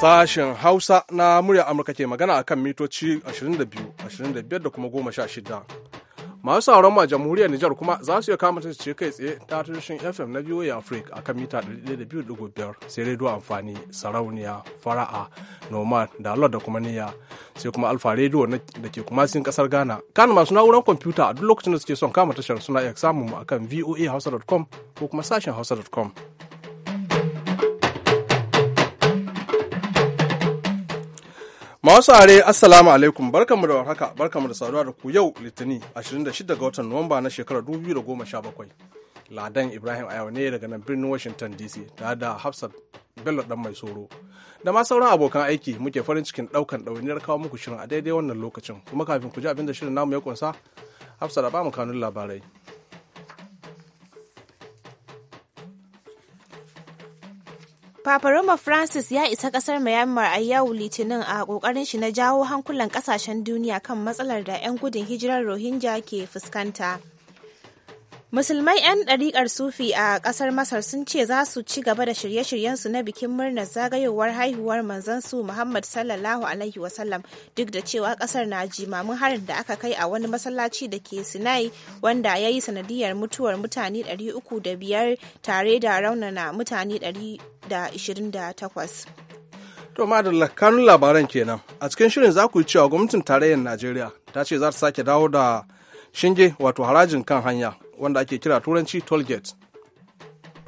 Sashen Hausa na murya Amurka ke magana a kan mitoci 22, 25 da kuma 16. Masu sauran ma jamhuriyar Nijar kuma za su iya kama ce kai tsaye ta tushen FM na VOA Africa a kan mita 102.5 sai rediyo amfani sarauniya fara'a noma da da kuma niyya sai kuma alfa rediyo da ke kuma sin kasar Ghana. Kan masu na'urar kwamfuta a duk lokacin da suke son kama tashar suna iya samun mu a kan voahausa.com ko kuma sashen hausa.com. Masu are assalamu alaikum mu da warhaka mu da saduwa da ku yau litinin 26 ga watan Nuwamba na shekarar 2017. Ladan Ibrahim Ayawa ne daga nan birnin Washington DC tare da Hafsat Bello dan mai soro. Da ma sauran abokan aiki muke farin cikin daukan ɗawainiyar kawo muku shirin a daidai wannan lokacin kuma kafin ku ji abin da shirin namu ya kunsa Hafsat ba mu kanun labarai. Papa Roma Francis ya isa kasar Myanmar a yau Litinin a kokarin shi na jawo hankulan kasashen duniya kan matsalar da 'yan gudun hijirar Rohingya ke fuskanta. Musulmai 'yan ɗariƙar Sufi a ƙasar Masar sun ce za su ci gaba da shirye shiryen su na bikin murnar zagayowar haihuwar manzansu Muhammad sallallahu Alaihi wasallam duk da cewa ƙasar na jimamin harin da aka kai a wani masallaci da ke Sinai wanda ya yi sanadiyar mutuwar mutane 305 tare da raunana mutane 128. To madalla kanun labaran kenan a cikin shirin za ku yi cewa gwamnatin tarayyar Najeriya ta ce za ta sake dawo da shinge wato harajin kan hanya wanda ake kira turanci tollgate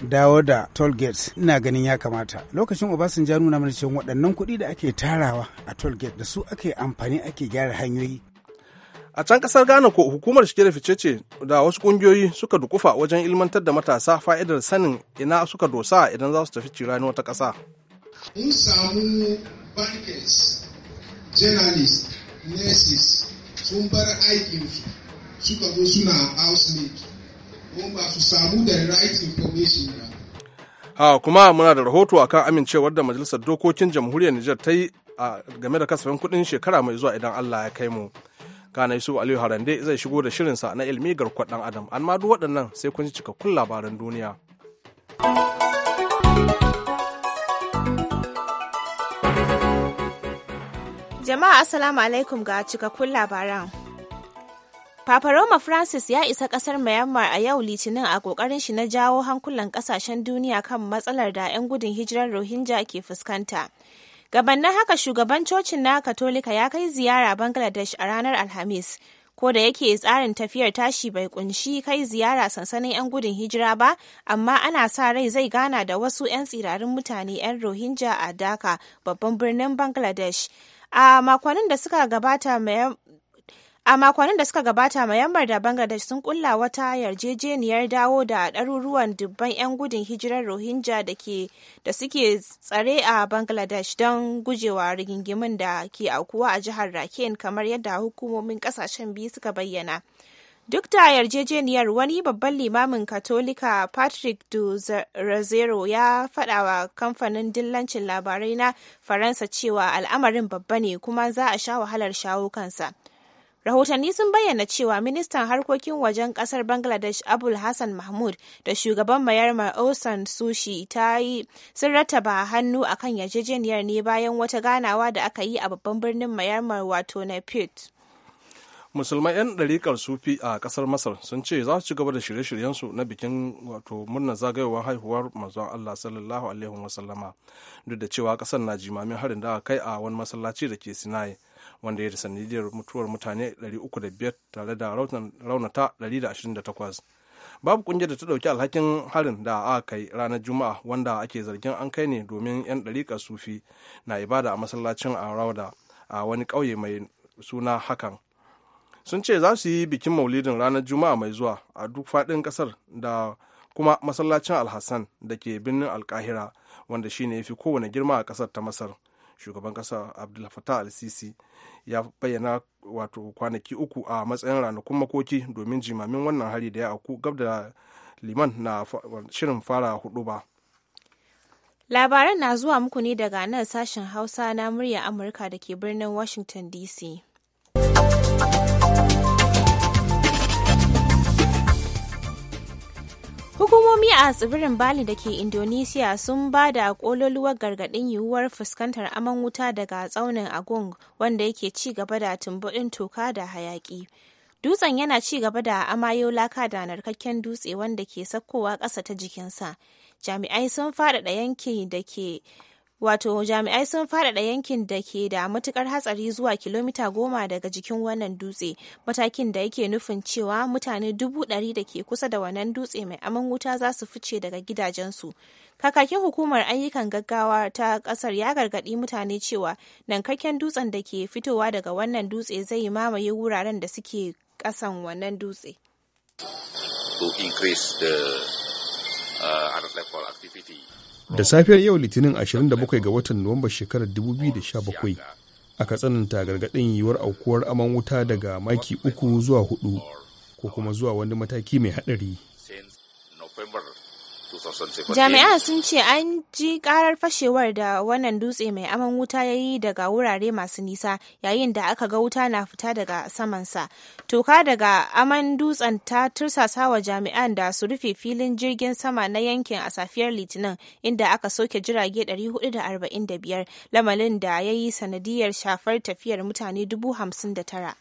dawo da toll gate ina ganin ya kamata lokacin obasanjo ja nuna mana cewa waɗannan kuɗi da ake tarawa a toll gate da su ake amfani ake gyara hanyoyi a can kasar ghana ko hukumar shige da fice ce da wasu kungiyoyi suka dukufa wajen ilmantar da matasa fa'idar sanin ina suka dosa idan za su tafi cirani wata ƙasa. mun samu bankers journalists nurses sun bar aikinsu suka zo suna house mate kuma Ha kuma muna da rahoto a kan amincewar da Majalisar Dokokin Jamhuriyar Nijar ta yi game da kasafin kuɗin shekara mai zuwa idan Allah ya kai mu. Kana Yusuf Aliyu Harande zai shigo da shirinsa na ilmi Garkwar ɗan Adam, amma duk waɗannan sai kun ji cikakkun labaran duniya. Jama'a asalamu alaikum ga cikakkun labaran. Papa Roma Francis ya isa kasar Myanmar a yau Litinin a kokarin shi na jawo hankulan kasashen duniya kan matsalar da 'yan gudun hijirar Rohingya ke fuskanta. gaban Gabannin haka shugaban cocin na Katolika ya kai ziyara Bangladesh a ranar Alhamis, ko da yake tsarin tafiyar tashi bai kunshi kai ziyara sansanin 'yan gudun hijira ba, amma ana sa rai zai gana da wasu 'yan tsirarin mutane 'yan Rohingya a Dhaka, babban birnin Bangladesh. A makonnin da suka gabata A makonnin da suka gabata Mayambar da Bangladesh sun kulla wata yarjejeniyar dawo da ɗaruruwan dubban 'yan gudun hijirar Rohingya da ke da suke tsare a Bangladesh don gujewa rigingimin da ke aukuwa a jihar Rakhine kamar yadda hukumomin kasashen biyu suka bayyana. Duk da yarjejeniyar wani babban limamin Katolika Patrick du Razero ya faɗa wa kamfanin dillancin labarai na Faransa cewa al'amarin babba ne kuma za a sha wahalar shawo kansa. Rahotanni sun bayyana cewa ministan harkokin wajen kasar Bangladesh Abul Hassan Mahmud da shugaban mayarmar Osan Sushi ta yi sun rattaba hannu akan yarjejeniyar ne bayan wata ganawa da aka yi a babban birnin mayarmar wato na Pit. Musulmai 'yan ɗariƙar sufi a ƙasar Masar sun ce za su ci gaba da shirye-shiryensu na bikin wato murnar zagayowar haihuwar manzon Allah sallallahu alaihi wasallama duk da cewa ƙasar na jimamin harin da aka kai a wani masallaci da ke Sinai. wanda ya da sanadiyar mutuwar mutane 305 tare da raunata 128 babu kungiyar da ta dauki alhakin harin da a kai ranar juma'a wanda ake zargin an kai ne domin 'yan dariƙa sufi na ibada a masallacin rauda a wani ƙauye mai suna hakan sun ce za su yi bikin maulidin ranar juma'a mai zuwa a duk faɗin ƙasar da kuma masallacin alhassan da ke birnin alkahira wanda shine ya fi kowane girma a ƙasar ta masar shugaban ƙasa abdul fatah al-sisi ya bayyana wato kwanaki uku a matsayin ranakun makoki domin jimamin wannan hari da ya auku gab da liman na shirin fara hudu ba labaran na zuwa muku ne daga nan sashen hausa na murya amurka da ke birnin washington dc Hukumomi a tsibirin Bali da ke Indonesia sun ba da kololuwar gargaɗin yiwuwar fuskantar aman wuta daga tsaunin Agung wanda yake ci gaba da tumbuɗin toka da hayaƙi. Dutsen yana ci gaba da amayo laka da narkakken dutse wanda ke sakkowa ƙasa ta jikinsa. Jami'ai sun faɗaɗa yanki da ke wato jami'ai sun faɗaɗa yankin da ke da matukar hatsari zuwa kilomita goma daga jikin wannan dutse matakin da yake nufin cewa mutane dubu ɗari da ke kusa da wannan dutse mai aman wuta za su fice daga gidajensu kakakin hukumar ayyukan gaggawa ta ƙasar ya gargaɗi mutane cewa nankakken dutsen da ke fitowa daga wannan dutse zai mamaye wuraren da suke ƙasan wannan dutse uh, da safiyar yau litinin 27 ga watan nuwamba shekarar 2017 aka tsananta gargaɗin yiwuwar aukuwar aman wuta daga maki uku zuwa hudu ko kuma zuwa wani mataki mai haɗari Jami'an sun ce an ji karar fashewar da wannan dutse mai aman wuta ya yi daga wurare masu nisa yayin da aka ga wuta na fita daga samansa. Toka daga aman dutsen ta tursasa wa jami'an da su rufe filin jirgin sama na yankin a safiyar Litinin inda aka soke jirage 445 lamalin da ya yi sanadiyar shafar tafiyar mutane 59,000.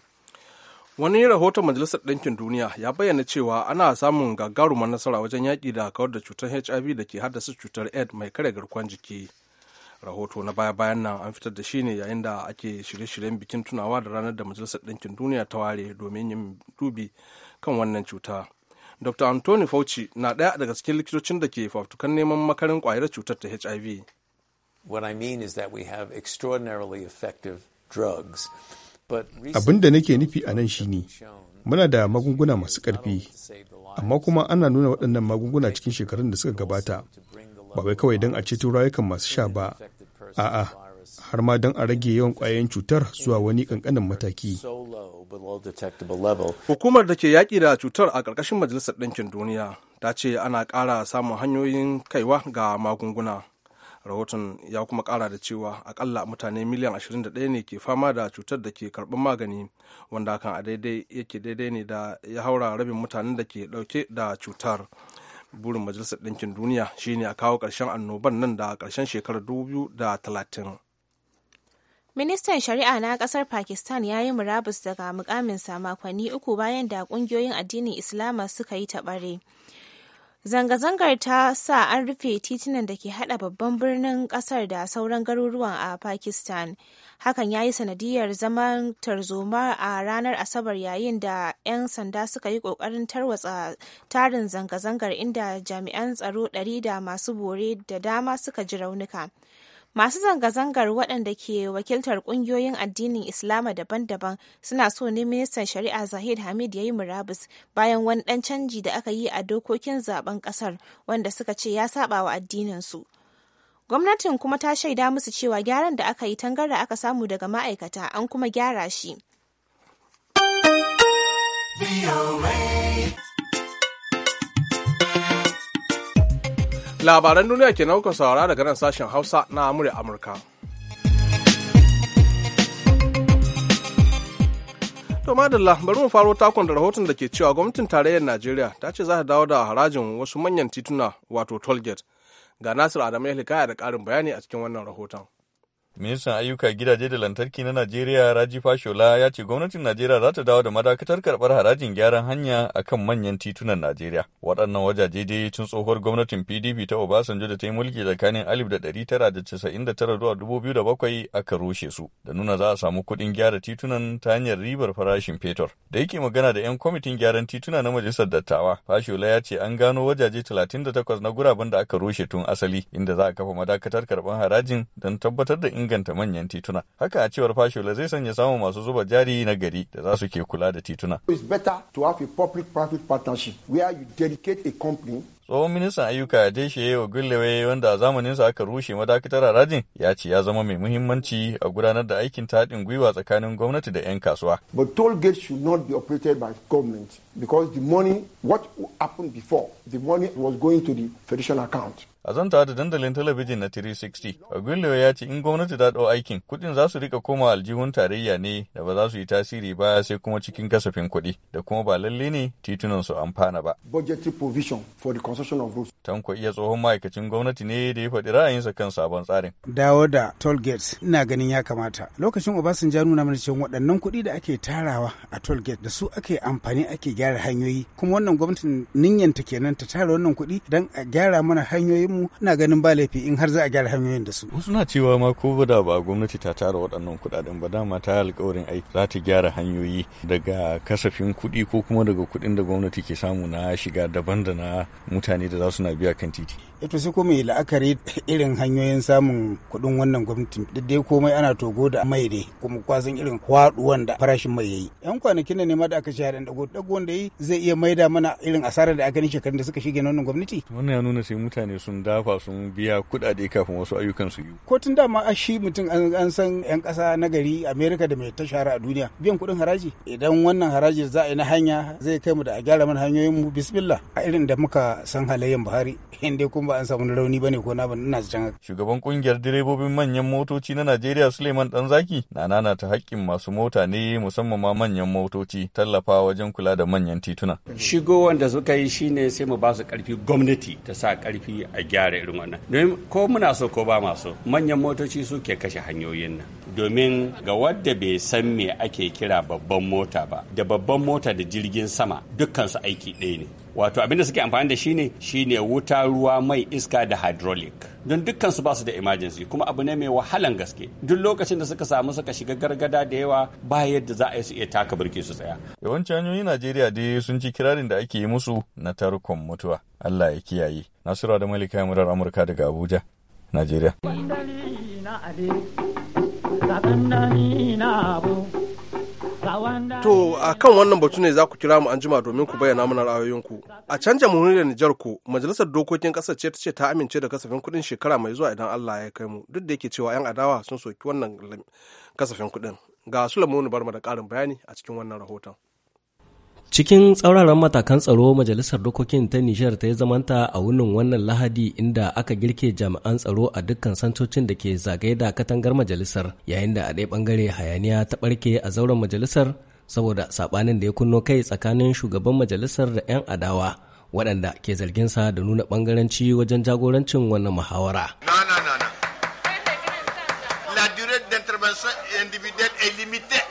wani rahoton majalisar ɗinkin duniya ya bayyana cewa ana samun gagarumar nasara wajen yaƙi da kawar da cutar hiv da ke haddasa cutar aids mai kare garkuwar jiki rahoto na baya-bayan nan an fitar da shi ne yayin da ake shirye-shiryen bikin tunawa da ranar da majalisar ɗinkin duniya ta ware domin yin dubi kan wannan cuta dr anthony fauci na ɗaya daga cikin likitocin da ke fafutukan neman makarin ƙwayar cutar ta hiv what i mean is that we have extraordinarily effective drugs Abin da nake nufi a nan shine muna da magunguna masu ƙarfi, amma kuma ana nuna waɗannan magunguna cikin shekarun da suka gabata, ba wai kawai don a ceto rayukan masu sha ba, a'a, har ma don a rage yawan ƙwayoyin cutar zuwa wani ƙanƙanin mataki. Hukumar da ke yaƙi da cutar a ƙarƙashin Majalisar Ɗinkin Duniya ta ce ana ƙara samun hanyoyin kaiwa ga magunguna. rahoton ya kuma kara da cewa akalla mutane miliyan 21 ne ke fama da cutar da ke karɓar magani wanda hakan a daidai yake daidai ne da ya haura rabin mutanen da ke ɗauke da cutar burin majalisar ɗinkin duniya shine a kawo ƙarshen annoban nan da ƙarshen shekarar 2030 Ministan Shari'a na kasar Pakistan ya yi murabus daga mukaminsa makonni uku bayan da ƙungiyoyin addinin Islama suka yi taɓare. Zanga-zangar ta sa an rufe titunan da ke hada babban birnin kasar da sauran garuruwan a Pakistan. Hakan ya yi sanadiyar zaman tarzoma a ranar Asabar yayin da 'yan sanda suka yi kokarin tarwatsa tarin zanga-zangar inda jami'an tsaro ɗari da masu bore da dama suka ji raunuka. Masu zanga-zangar waɗanda ke wakiltar ƙungiyoyin addinin Islama daban-daban suna so ne ministan shari'a Zahid Hamid ya yi murabus bayan wani ɗan canji da aka yi a dokokin zaben ƙasar wanda suka ce ya saɓa wa addininsu. Gwamnatin kuma ta shaida musu cewa gyaran da aka yi tangar da aka samu daga ma'aikata an kuma gyara shi. labaran duniya ke nauka saurara daga nan sashen hausa na amurya amurka to madalla bari mu faro takon da rahoton da ke cewa gwamnatin tarayyar najeriya ta ce za ta dawo da harajin wasu manyan tituna wato tollgate ga nasir adamu ya da ƙarin bayani a cikin wannan rahoton Ministan ayyuka gidaje da lantarki na Najeriya Raji Fashola ya ce gwamnatin Najeriya za ta dawo da madakatar karɓar harajin gyaran hanya a kan manyan titunan Najeriya. Waɗannan wajaje dai tun tsohuwar gwamnatin PDP ta Obasanjo da ta yi mulki tsakanin 1999 zuwa 2007 aka rushe su, da nuna za a samu kuɗin gyara titunan ta hanyar ribar farashin fetur. Da yake magana da 'yan kwamitin gyaran tituna na Majalisar Dattawa, Fashola ya ce an gano wajaje 38 na guraben da aka rushe tun asali, inda za a kafa madakatar karɓar harajin don tabbatar da inganta manyan tituna. Haka a cewar Fashola zai sanya samu masu zuba jari na gari da za su ke kula da tituna. better to have a public partnership where you dedicate a company tsohon ministan ayyuka deshe wa gullewe wanda a zamaninsa aka rushe madakatar harajin ya ce ya zama mai muhimmanci a gudanar da aikin taɗin gwiwa tsakanin gwamnati da 'yan kasuwa. But toll gate should not be operated by government because the money what happened before the money was going to the federation account. a zanta da dandalin talabijin na 360 ogullo ya ce in gwamnati ta ɗau aikin kuɗin za su rika koma aljihun tarayya ne da ba za su yi tasiri ba sai kuma cikin kasafin kuɗi da kuma ba lalle ne titunan su amfana ba budgetary provision for the construction of roads tanko iya tsohon ma'aikacin gwamnati ne da ya faɗi ra'ayinsa kan sabon tsarin dawo da toll gates ina ganin ya kamata lokacin obasanjo nuna mana cewa waɗannan kuɗi da ake tarawa a toll gate da su ake amfani ake gyara hanyoyi kuma wannan gwamnatin ninyanta kenan ta tara wannan kuɗi don a gyara mana hanyoyin mu ina ganin ba laifi in har za a gyara hanyoyin da su wasu na cewa ma ko da ba gwamnati ta tara waɗannan kuɗaɗen ba dama ta alƙawarin aiki. za ta gyara hanyoyi daga kasafin kuɗi ko kuma daga kuɗin da gwamnati ke samu na shiga daban da na mutane da za su na biya kan titi Ita e sai ko mai la'akari irin hanyoyin samun kuɗin wannan gwamnati dai komai ana togo da mai ne kuma kwasan irin kwaɗuwan da farashin mai yayi yan kwanakin ne ma da aka haɗin dago dago wanda yi zai iya maida mana irin asarar da aka ni shekarun da suka shige na wannan gwamnati wannan ya nuna sai mutane sun dafa sun biya kuɗaɗe kafin wasu ayyukan su yi. tun dama a shi mutum an san 'yan kasa na gari Amerika da mai tashara a duniya biyan kuɗin haraji. Idan wannan haraji za a yi na hanya zai kai mu da a gyara mana hanyoyin mu bismillah. A irin da muka san halayyan Buhari in dai kuma an samu rauni bane ko na ban ina zan. Shugaban kungiyar direbobin manyan motoci na Najeriya Suleiman Danzaki na nana ta haƙƙin masu mota ne musamman ma manyan motoci tallafa wajen kula da manyan tituna. Shigo wanda suka yi shine sai mu ba su ƙarfi gwamnati ta sa ƙarfi a gyara irin wannan domin ko muna so ko ba ma so manyan motoci suke kashe hanyoyin nan domin ga wadda bai san me ake kira babban mota ba da babban mota da jirgin sama dukkansu aiki ɗaya ne wato abinda suke amfani da shi ne shine wuta ruwa mai iska da hydraulic don dukkan su basu da emergency kuma abu ne mai wahalan gaske duk lokacin da suka samu suka shiga gargada da yawa ba yadda za a yi su iya taka birki su tsaya yawancin hanyoyin najeriya dai sun ci kirarin da ake yi musu na tarkon mutuwa allah ya kiyaye nasura da malika murar amurka daga abuja najeriya To a kan wannan batu ne za ku kira mu anjima domin ku bayyana mana ra'ayoyinku. A can jamhuriyar Nijar ku majalisar dokokin Ƙasa ce ta ce ta amince da kasafin kuɗin shekara mai zuwa idan Allah ya kai mu duk da yake cewa 'yan adawa sun soki wannan kasafin kuɗin. Ga bar Barma da ƙarin bayani a cikin wannan rahoton. Cikin tsauraran matakan tsaro Majalisar Dokokin ta Nijar ta yi zamanta a wunin wannan Lahadi inda aka girke jami'an tsaro a dukkan santocin da ke zagaye da katangar majalisar yayin da a ɗaya ɓangare hayaniya ta ɓarke a zauren majalisar saboda saɓanin da ya kunno kai tsakanin shugaban majalisar da 'yan adawa waɗanda ke zarginsa da nuna ɓangaranci wajen jagorancin wannan muhawara. La durée d'intervention individuelle est limitée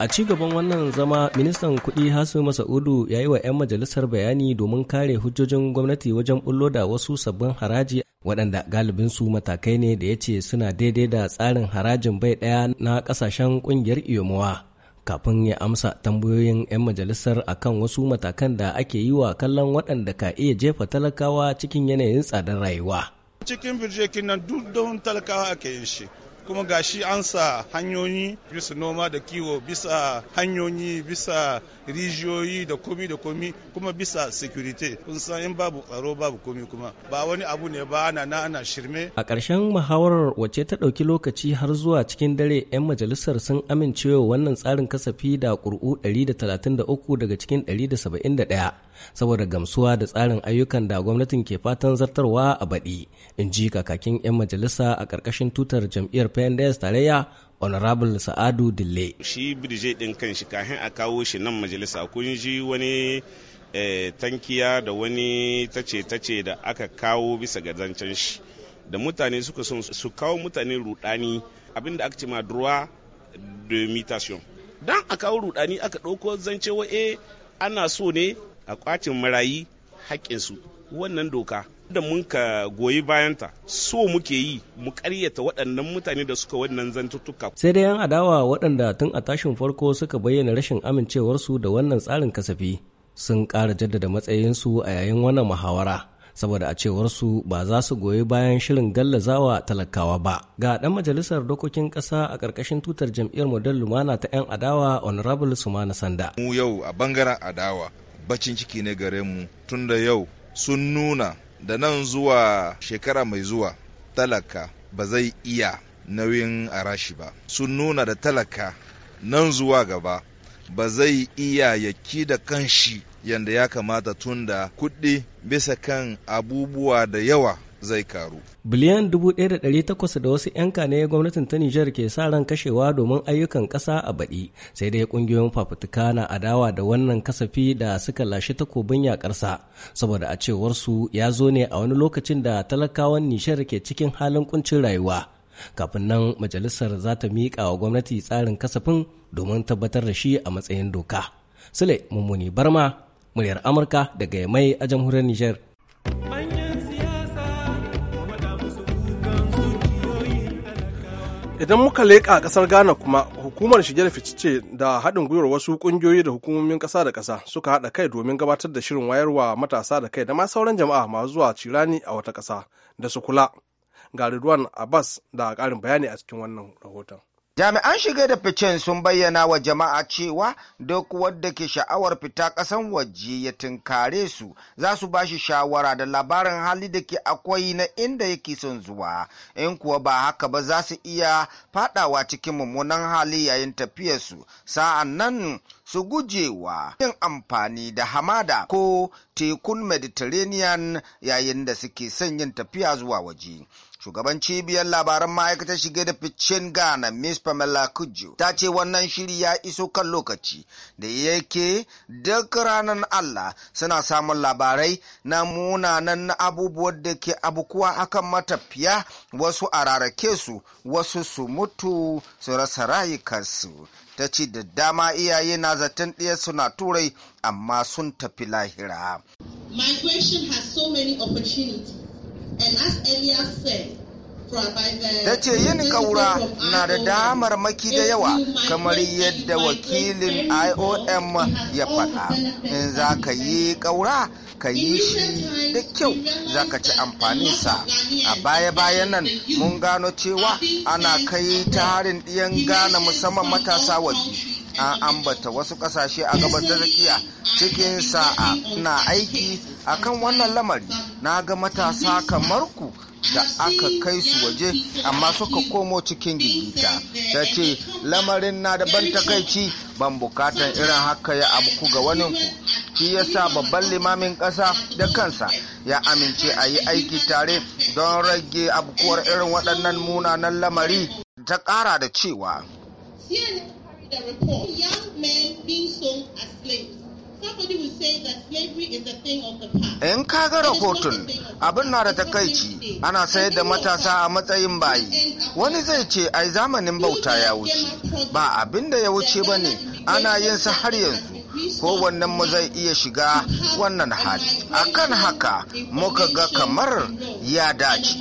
A ci gaban wannan zama, ministan kuɗi Hasu Masa'udu ya yi wa 'yan majalisar bayani domin kare hujjojin gwamnati wajen bullo da wasu sabbin haraji waɗanda galibinsu matakai ne da ya ce suna daidai da tsarin harajin bai ɗaya na ƙasashen ƙungiyar iyomowa. Kafin ya amsa tambayoyin 'yan majalisar akan wasu matakan da ake yi wa kallon waɗanda ka iya jefa talakawa cikin yanayin tsadar rayuwa. Cikin birjekin nan duk don talakawa ake yin shi. kuma gashi an sa hanyoyi bisa noma da kiwo bisa hanyoyi bisa rijiyoyi da komi da komi kuma bisa security kun san in babu tsaro babu komi kuma ba wani abu ne ba ana na ana shirme a ƙarshen muhawarar wace ta ɗauki lokaci har zuwa cikin dare 'yan majalisar sun amincewa wannan tsarin kasafi da ƙuri'u 133 daga cikin 171 saboda gamsuwa da tsarin ayyukan da gwamnatin ke fatan zartarwa a baɗi in ji kakakin 'yan majalisa a ƙarƙashin tutar jam'iyyar pnds tarayya honorable sa'adu dille shi birje ɗin kan shi kahin a kawo shi nan majalisa kun ji wani eh, tankiya da wani tace-tace da aka kawo bisa ga zancen shi da mutane suka son su kawo mutane rudani abinda aka ce ma droit de mutation dan a kawo rudani aka ɗauko zance wae eh, ana so ne a kwacin marayi haƙƙinsu wannan doka da mun ka goyi bayanta so muke yi mu ƙaryata waɗannan mutane da suka wannan zantuttuka. Sai dai 'yan adawa waɗanda tun a tashin farko suka bayyana rashin amincewarsu da wannan tsarin kasafi sun ƙara jaddada matsayinsu a yayin wannan muhawara. saboda a cewarsu ba za su goyi bayan shirin gallazawa talakawa ba ga ɗan majalisar dokokin ƙasa a ƙarƙashin tutar jam'iyyar model lumana ta 'yan adawa honorable sumana sanda mu yau a bangaren adawa bacin ciki ne gare mu tun da yau sun nuna da nan zuwa shekara mai zuwa talaka ba zai iya nauyin arashi ba sun nuna da talaka nan zuwa gaba ba zai iya yaki da kanshi yadda ya kamata tunda da kuɗi bisa kan abubuwa da yawa zai karu. Biliyan 1,800 da wasu 'yan kane gwamnatin ta Nijar ke sa ran kashewa domin ayyukan ƙasa a baɗi, sai dai ƙungiyoyin fafutuka na adawa da wannan kasafi da suka lashe takobin yakarsa saboda a cewar su ya zo ne a wani lokacin da talakawan Nijar ke cikin halin kuncin rayuwa. Kafin nan majalisar za ta miƙa wa gwamnati tsarin kasafin domin tabbatar da shi a matsayin doka. Sule Mummuni Barma, muryar Amurka daga Yamai a jamhuriyar Nijar. idan muka leƙa a ƙasar ghana kuma hukumar shige da fice da haɗin gwiwar wasu ƙungiyoyi da hukumomin ƙasa da ƙasa suka haɗa kai domin gabatar da shirin wayarwa matasa da kai da ma sauran jama'a masu zuwa cirani a wata ƙasa da su kula ga Ridwan Abbas da ƙarin bayani a cikin wannan rahoton. Jami'an shige da ficen sun bayyana wa jama'a cewa duk wadda ke sha'awar fita ƙasan waje ya tunkare su za su ba shi shawara da labarin hali da ke akwai na inda yake son zuwa. In kuwa ba haka ba za su iya fadawa cikin mummunan hali yayin tafiyarsu, sa'an nan su gujewa yin amfani da hamada ko tekun Mediterranean yayin da suke son yin tafiya zuwa waje. Shugaban cibiyar labaran ma'aikatar shige da ficen Ghana, Miss Pamela Kujo, ta ce wannan shiri ya iso kan lokaci da yake duk ranar Allah suna samun labarai na munanan abubuwan da ke abukuwa akan matafiya wasu a rarake su, wasu su mutu su rasa rayukansu. ta ce da dama iyaye na zaton ɗaya suna turai amma sun tafi lahira. Migration has so many opportunities. tace yin ƙaura na da damar maki da yawa kamar yadda wakilin iom ya faɗa in za ka yi ƙaura ka yi shi da kyau za ka ci amfaninsa a baya-bayan nan mun gano cewa ana kai ta harin ɗiyan gane musamman matasa waje an ambata wasu kasashe a gabar da tsakiya cikin sa'a na aiki A kan wannan lamari na ga matasa kamar ku da aka kai su waje amma suka komo cikin gigita ta ce lamarin na da ban takaici ban bukatan irin haka ya abu ga wani ku shi sa babban limamin ƙasa da kansa ya amince a yi aiki tare don rage abkuwar irin waɗannan munanan lamari ta ƙara da cewa the report. Young men being sold as slaves. In kaga rahoton abin na da takaici ana sayar da matasa a matsayin bayi wani zai ce ai zamanin bauta ya wuce ba abin da ya wuce ba ne ana yin sa har yanzu kowannen mu zai iya shiga wannan hali akan haka muka ga kamar ya dace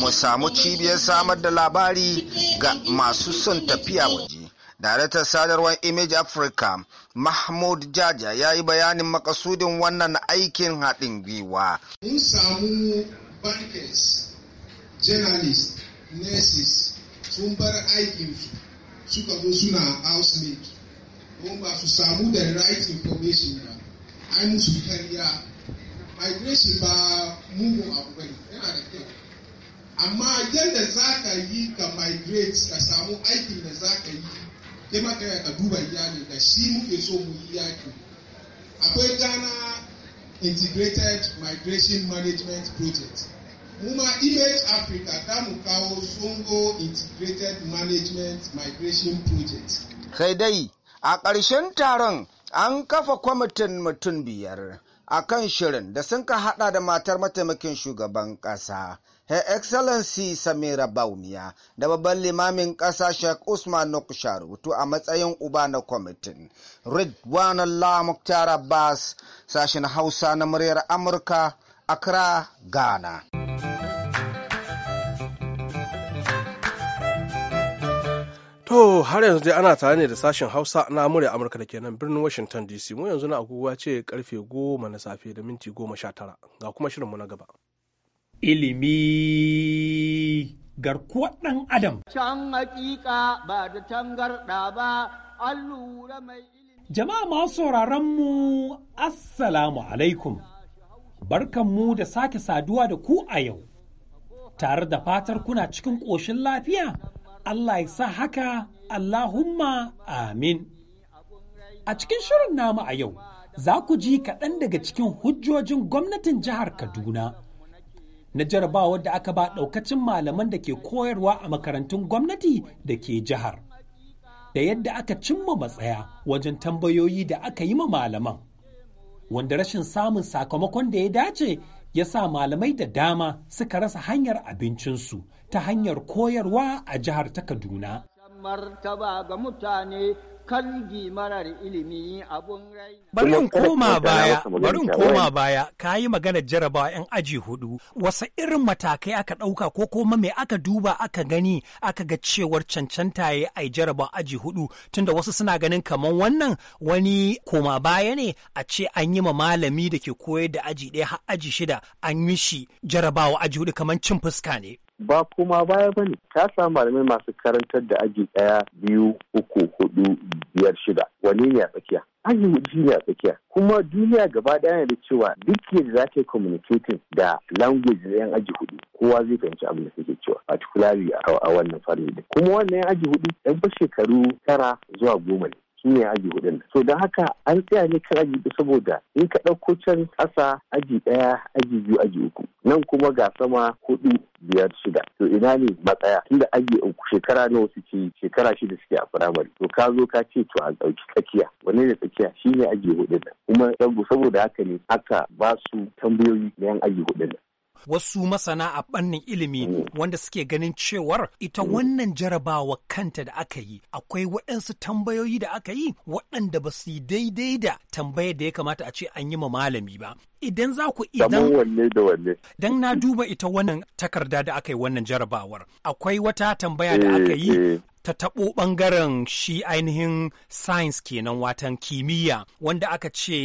mu samu cibiyar samar da labari ga masu son tafiya waje Daraktan sadarwar Image Africa Mahmud Jaja ya yi bayanin makasudin wannan aikin haɗin gwiwa. Mun samu bankers, journalists, nurses sun bar aikinsu suka zo suna house make Mun ba su samu da right information ba, ai musu kariya Migration ba mugun abu bane, yana da kyau. Amma yadda za ka yi ka migrate ka samu aikin da za ka yi kai ma ka duba iyali da shi muke so mu yi yaki akwai ghana integrated migration management project muma image africa ta mu kawo songo integrated management migration project Kai dai a ƙarshen taron an kafa kwamitin mutum biyar a kan shirin da sun ka hada da matar mataimakin shugaban ƙasa. Her Excellency Samira Baumiya da babban limamin ƙasa Sheikh Usman Nukusharutu a matsayin uba na kwamitin. Ridwan Allah muktar Abbas, sashen Hausa na muryar Amurka, Accra, Ghana. To har yanzu dai ana tare ne da sashen Hausa na murya Amurka da kenan birnin Washington DC mu yanzu na agogo ce karfe goma na safe da minti goma sha tara ga kuma shirinmu na gaba. Ilimi garkuwar ɗan Adam. Can hakika ba da tangarɗa ba, an lura mai ilimi. Jama'a masu sauraron mu Assalamu alaikum. Barkanmu da sake saduwa da ku a yau, tare da fatar kuna cikin ƙoshin lafiya. Allah ya sa haka Allahumma amin. A cikin shirin namu a yau, za ku ji kaɗan daga cikin hujjojin gwamnatin jihar Kaduna. Na jarabawar da aka ba ɗaukacin malaman da ke koyarwa a makarantun gwamnati da ke jihar. Da yadda aka cimma matsaya wajen tambayoyi da aka yi ma malaman. Wanda rashin samun sakamakon da ya dace ya sa malamai da dama suka rasa hanyar abincinsu ta hanyar koyarwa a jihar ta Kaduna. Martaba ga mutane marar ilimi rai. Barin koma baya, barin koma baya, ka yi magana jarabawa 'yan aji hudu, wasa irin matakai aka ɗauka ko kuma mai aka duba aka gani aka ga cewar cancanta ya ai jaraba aji hudu tunda wasu suna ganin kamar wannan wani koma baya ne a ce an yi ma malami da ke koyar da aji ɗaya har aji shida an yi shi jarabawa aji hudu kamar cin fuska ne. ba kuma baya ba ne ta samu malamai masu karantar da aji ɗaya biyu uku hudu biyar shida wani ne a tsakiya aji shi ne a tsakiya kuma duniya gaba ɗaya ne da cewa duk yadda za ta yi communicating da language na yan aji hudu kowa zai fahimci abin da suke cewa particularly a wannan fannin kuma wannan yan aji hudu yan shekaru tara zuwa goma ne shi ne aji hudun so don haka an tsaya ne kan aji saboda in ka ɗauko can ƙasa aji ɗaya aji biyu aji uku nan kuma ga sama hudu biyar shida to ina ne matsaya tunda aji uku shekara nawa suke shekara shida suke a firamare to ka zo ka ce to a ɗauki tsakiya wani ne tsakiya shi ne aji hudun kuma saboda haka ne aka ba su tambayoyi na yan aji hudun wasu masana a bannin ilimi wanda suke ganin cewar ita wannan jarabawa kanta da aka yi akwai waɗansu tambayoyi da aka yi waɗanda ba su yi daidai da tambayar da ya kamata a ce an yi ma malami ba idan za ku idan dan na duba ita wannan takarda da aka yi wannan jarabawar akwai wata tambaya da aka eh, yi eh. ta taɓo ɓangaren shi ainihin science kenan watan kimiyya wanda aka ce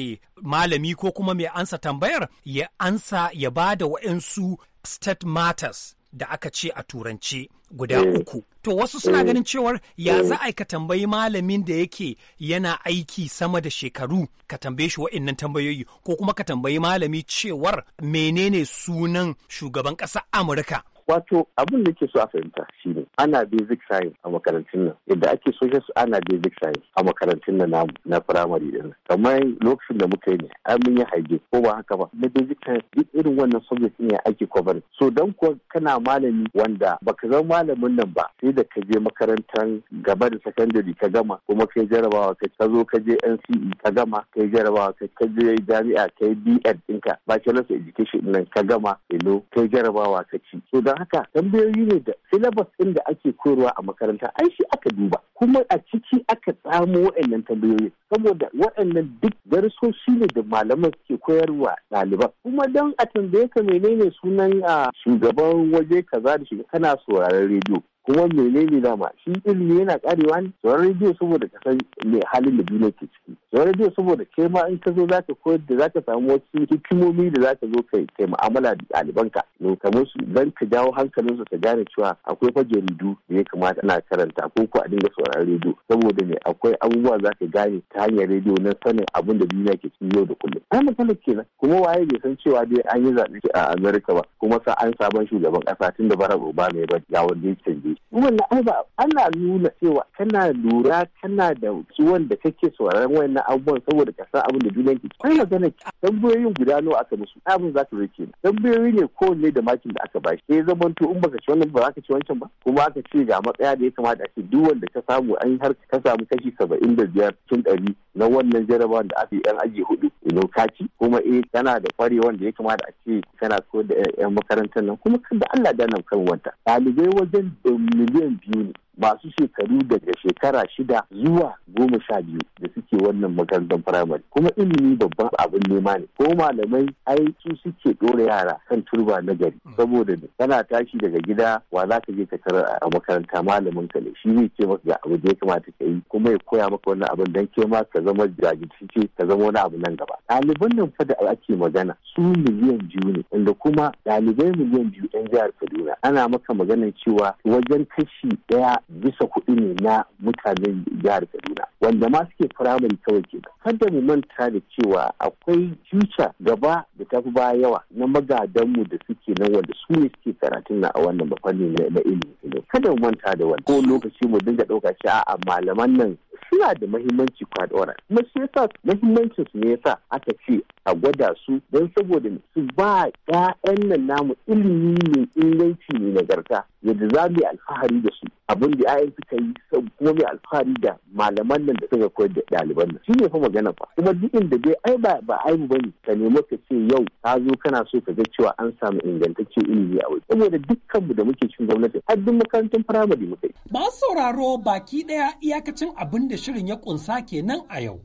malami ko kuma mai ansa tambayar ya ansa ya ba da wa'insu state matters da aka ce a turance guda eh. uku. To wasu suna eh. ganin cewar ya eh. za a ka tambayi malamin da yake yana aiki sama da shekaru ka tambaye shi wa'innan tambayoyi ko kuma ka tambayi malami cewar menene sunan shugaban ƙasar Amurka Wato abin da ke so a fahimta shine ana basic science a makarantun nan yadda ake so su ana basic science a makarantun nan namu na primary din kamar lokacin da muka yi ne an mun yi haige ko ba haka ba na basic science duk irin wannan subject ne ake cover so dan kuwa kana malami wanda baka zama malamin nan ba sai da ka je makarantar gaba da secondary ka gama kuma kai jarabawa kai ka zo ka je NCE ka gama kai jarabawa kai ka je jami'a kai BEd ɗinka bachelor's education nan ka gama ilo kai jarabawa ka ci so dan haka tambayoyi ne da silabus ɗin da ake koyarwa a makaranta ai shi aka duba kuma a ciki aka tsamo waɗannan tambayoyin saboda waɗannan duk shi ne da malaman suke koyarwa ɗaliban kuma don a tambaye ka menene sunan a shugaban waje kaza da shiga kana sauraron rediyo kuma menene dama shi ilimi yana karewa ne sauraron rediyo saboda ka san me halin da duniya ke ciki sauraron rediyo saboda kai ma in ka zo zaka koyar da zaka samu wasu hikimomi da za zaka zo kai kai mu'amala da ɗalibanka ne kamar su dan ka jawo hankalinsu ka gane cewa akwai fa jaridu da ya kamata ana karanta ko ko a dinga sauraron sauraron rediyo saboda ne akwai abubuwa za ka gane ta hanyar rediyo na sanin abin da duniya ke cikin yau da kullum ai magana kenan kuma waye bai san cewa dai an yi zaɓe a Amerika ba kuma sa an sabon shugaban ƙasa tun da bara Obama ya ba ya wanda ya canje wannan ba ana nuna cewa kana lura kana da ciwon da kake sauraron na abubuwan saboda ka san abin da duniya ke ai magana tambayoyin guda nawa aka musu abin za ka zai kenan tambayoyi ne kowanne da makin da aka ba shi zaman to in baka ci wannan ba za ka ci wancan ba kuma aka ce ga matsaya da ya kamata a ce duk wanda ka samu samu an har ka samu kashi saba'in da biyar cikin ɗari na wannan jarabawan da aka yi yan aji hudu idan kaci kuma eh kana da kwarewan da ya kamata a ce kana so da yan makarantar nan kuma kada Allah da nan kan wanta ɗalibai wajen miliyan biyu ne masu shekaru daga shekara shida zuwa goma sha biyu da suke wannan makarantar firamare kuma ilimi babban abin nema ne ko malamai ai su suke ɗora yara kan turba na gari mm. saboda kana tashi daga gida wa za ka je ka tarar a makaranta malamin ka ne shi ne ke maka ga abu da ya kamata ka yi kuma ya koya maka wannan abin dan ke ma ka zama jajirce ka zama wani abu nan gaba ɗaliban nan fa da ake magana su miliyan biyu ne inda kuma ɗalibai miliyan biyu ɗan jihar Kaduna ana maka maganar cewa wajen kashi ɗaya bisa kuɗi ne na mutanen jihar Kaduna wanda ma suke firamare kawai ke kada mu manta da cewa akwai future gaba da tafi baya yawa na magadanmu da suke nan wanda su ne suke karatun na a wannan fanni na ilimi kada mu manta da wani ko lokaci mu dinga ɗauka shi a'a malaman nan suna da mahimmanci kwadora kuma shi yasa mahimmancin su ne yasa aka ce a gwada su don saboda su ba 'ya'yan nan namu ilimi mai inganci mai nagarta yadda za mu yi alfahari da su abin da ayan suka yi kuma mai alfahari da malaman nan da suka koyar da ɗaliban nan shi ne fa magana fa kuma duk inda dai ai ba ba mu bane ka nemi ka ce yau ka zo kana so ka ga cewa an samu ingantacce ilimi a waje saboda dukkan mu da muke cikin gwamnati har duk makarantun firamare muka yi ba sauraro baki ɗaya iyakacin abin da shirin ya kunsa kenan a yau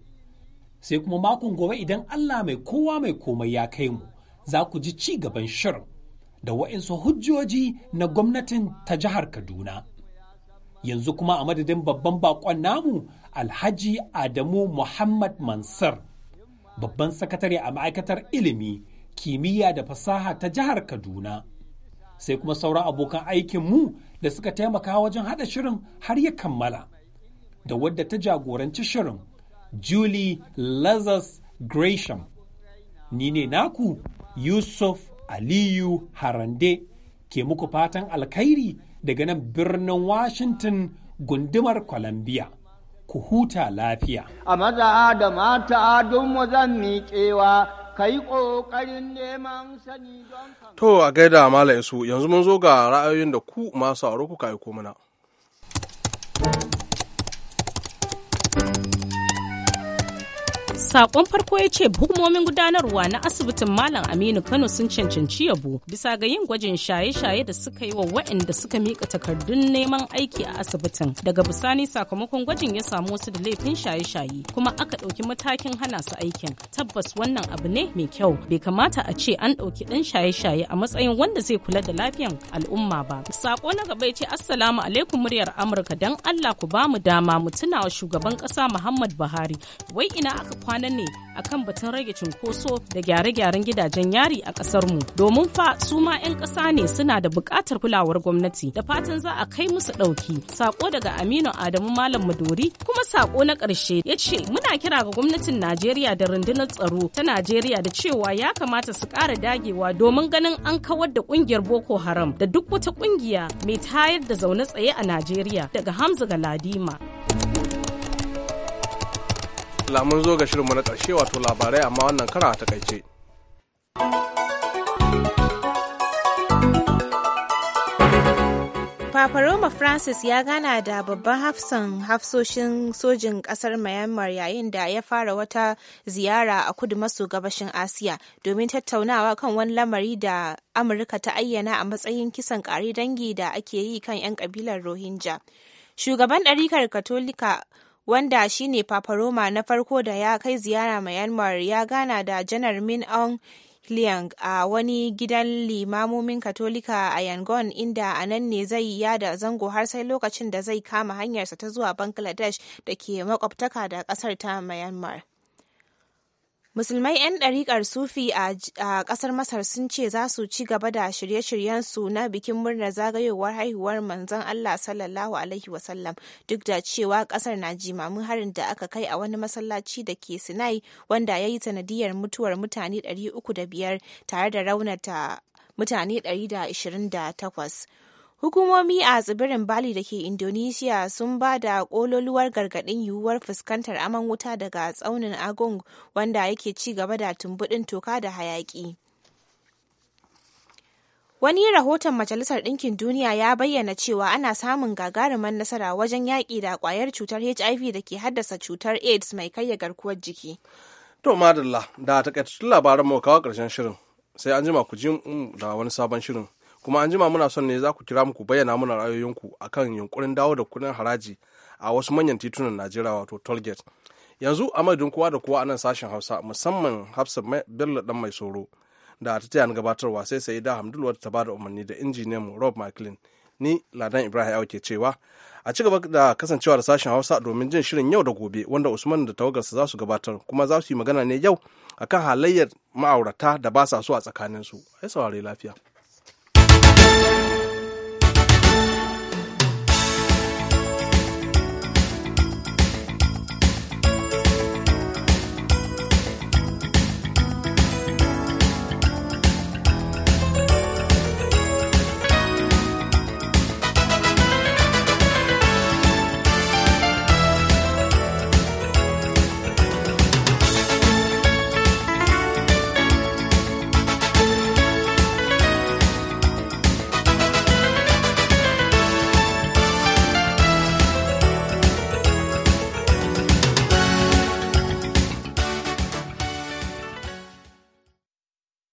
sai kuma makon gobe idan Allah mai kowa mai komai ya kai mu za ku ji ci gaban shirin da waɗansu hujjoji na gwamnatin ta jihar Kaduna. Yanzu kuma a madadin babban bakon namu Alhaji Adamu Muhammad Mansur, babban sakatare a ma'aikatar ilimi, kimiyya da fasaha ta jihar Kaduna. Sai kuma sauran abokan aikinmu da suka taimaka wajen haɗa shirin har ya kammala. Da wadda ta jagoranci shirin, Julie Lazarus Gresham. Ni ne naku Yusuf Aliyu Harande ke muku fatan alkhairi daga nan birnin Washington gundumar Columbia. Ku huta lafiya. A maza da mata don wazan miƙewa, ka yi ƙoƙarin neman sani don To a gaida Malam Isu, yanzu mun zo ga ra'ayoyin da ku masu aure kuka aiko mana. Sakon farko ya ce hukumomin gudanarwa na asibitin Malam Aminu Kano sun cancanci yabo bisa ga yin gwajin shaye-shaye da suka yi wa waɗanda suka mika takardun neman aiki a asibitin. Daga bisani sakamakon gwajin ya samu wasu da laifin shaye-shaye kuma aka ɗauki matakin hana su aikin. Tabbas wannan abu ne mai kyau. Bai kamata a ce an ɗauki ɗan shaye-shaye a matsayin wanda zai kula da lafiyan al'umma ba. Sako na gaba ya ce Assalamu alaikum muryar Amurka don Allah ku ba mu dama mu tuna shugaban ƙasa Muhammad Buhari. Wai ina aka kwana kwana ne kan batun rage cunkoso da gyare-gyaren gidajen yari a ƙasarmu. domin fa su ma 'yan ƙasa ne suna da buƙatar kulawar gwamnati da fatan za a kai musu ɗauki sako daga aminu adamu malam madori kuma sako na ƙarshe ya ce muna kira ga gwamnatin najeriya da rundunar tsaro ta najeriya da cewa ya kamata su ƙara dagewa domin ganin an kawar da ƙungiyar boko haram da duk wata ƙungiya mai tayar da zaune tsaye a najeriya daga hamza galadima. lamun zo ga shirinmu na ƙarshe wato labarai amma wannan kara a takaice. Papa Roma Francis ya gana da babban hafsan hafsoshin sojin kasar Myanmar yayin da ya fara wata ziyara a kudu maso gabashin Asiya domin tattaunawa kan wani lamari da Amurka ta ayyana a matsayin kisan kare dangi da ake yi kan 'yan kabilar Rohingya. Shugaban ɗarikar Katolika wanda shine Paparoma na farko da ya kai ziyara Myanmar ya gana da Janar Min Aung Hlaing a wani gidan limamomin Katolika a Yangon inda a nan ne zai yada zango har sai lokacin da zai kama hanyarsa ta zuwa Bangladesh da ke makwabtaka da ƙasar ta Myanmar. Musulmai 'yan ɗariƙar Sufi a ƙasar Masar sun ce za su ci gaba da shirye shiryen su na bikin murnar zagayowar haihuwar manzon Allah sallallahu Alaihi wasallam duk da cewa ƙasar na jimamin harin da aka kai a wani masallaci da ke Sinai wanda ya yi sanadiyar mutuwar mutane 305 tare da raunata mutane 128. Hukumomi a tsibirin Bali da ke Indonesia sun ba da kololuwar gargaɗin yiwuwar fuskantar aman wuta daga tsaunin Agong wanda yake ci gaba da tumbuɗin toka da hayaƙi. Wani rahoton Majalisar Ɗinkin Duniya ya bayyana cewa ana samun gagarumar nasara wajen yaƙi da ƙwayar cutar HIV da ke haddasa cutar AIDS mai karya garkuwar jiki. To madalla da takaitattun labaran mu kawo ƙarshen shirin sai an jima ku ji da wani sabon shirin. kuma an jima muna son ne za ku kira muku bayyana muna ra'ayoyinku a kan yunkurin dawo da kudin haraji a wasu manyan titunan najeriya wato tolget yanzu a madadin kowa da kowa a nan sashen hausa musamman hafsa bello dan mai soro da ta taya gabatarwa sai sai da hamdulwa ta bada umarni da injiniyan mu rob mclean ni ladan ibrahim ke cewa a ci gaba da kasancewa da sashen hausa domin jin shirin yau da gobe wanda usman da tawagarsa za su gabatar kuma za su yi magana ne yau akan halayyar ma'aurata da ba sa so a tsakaninsu ai saurari lafiya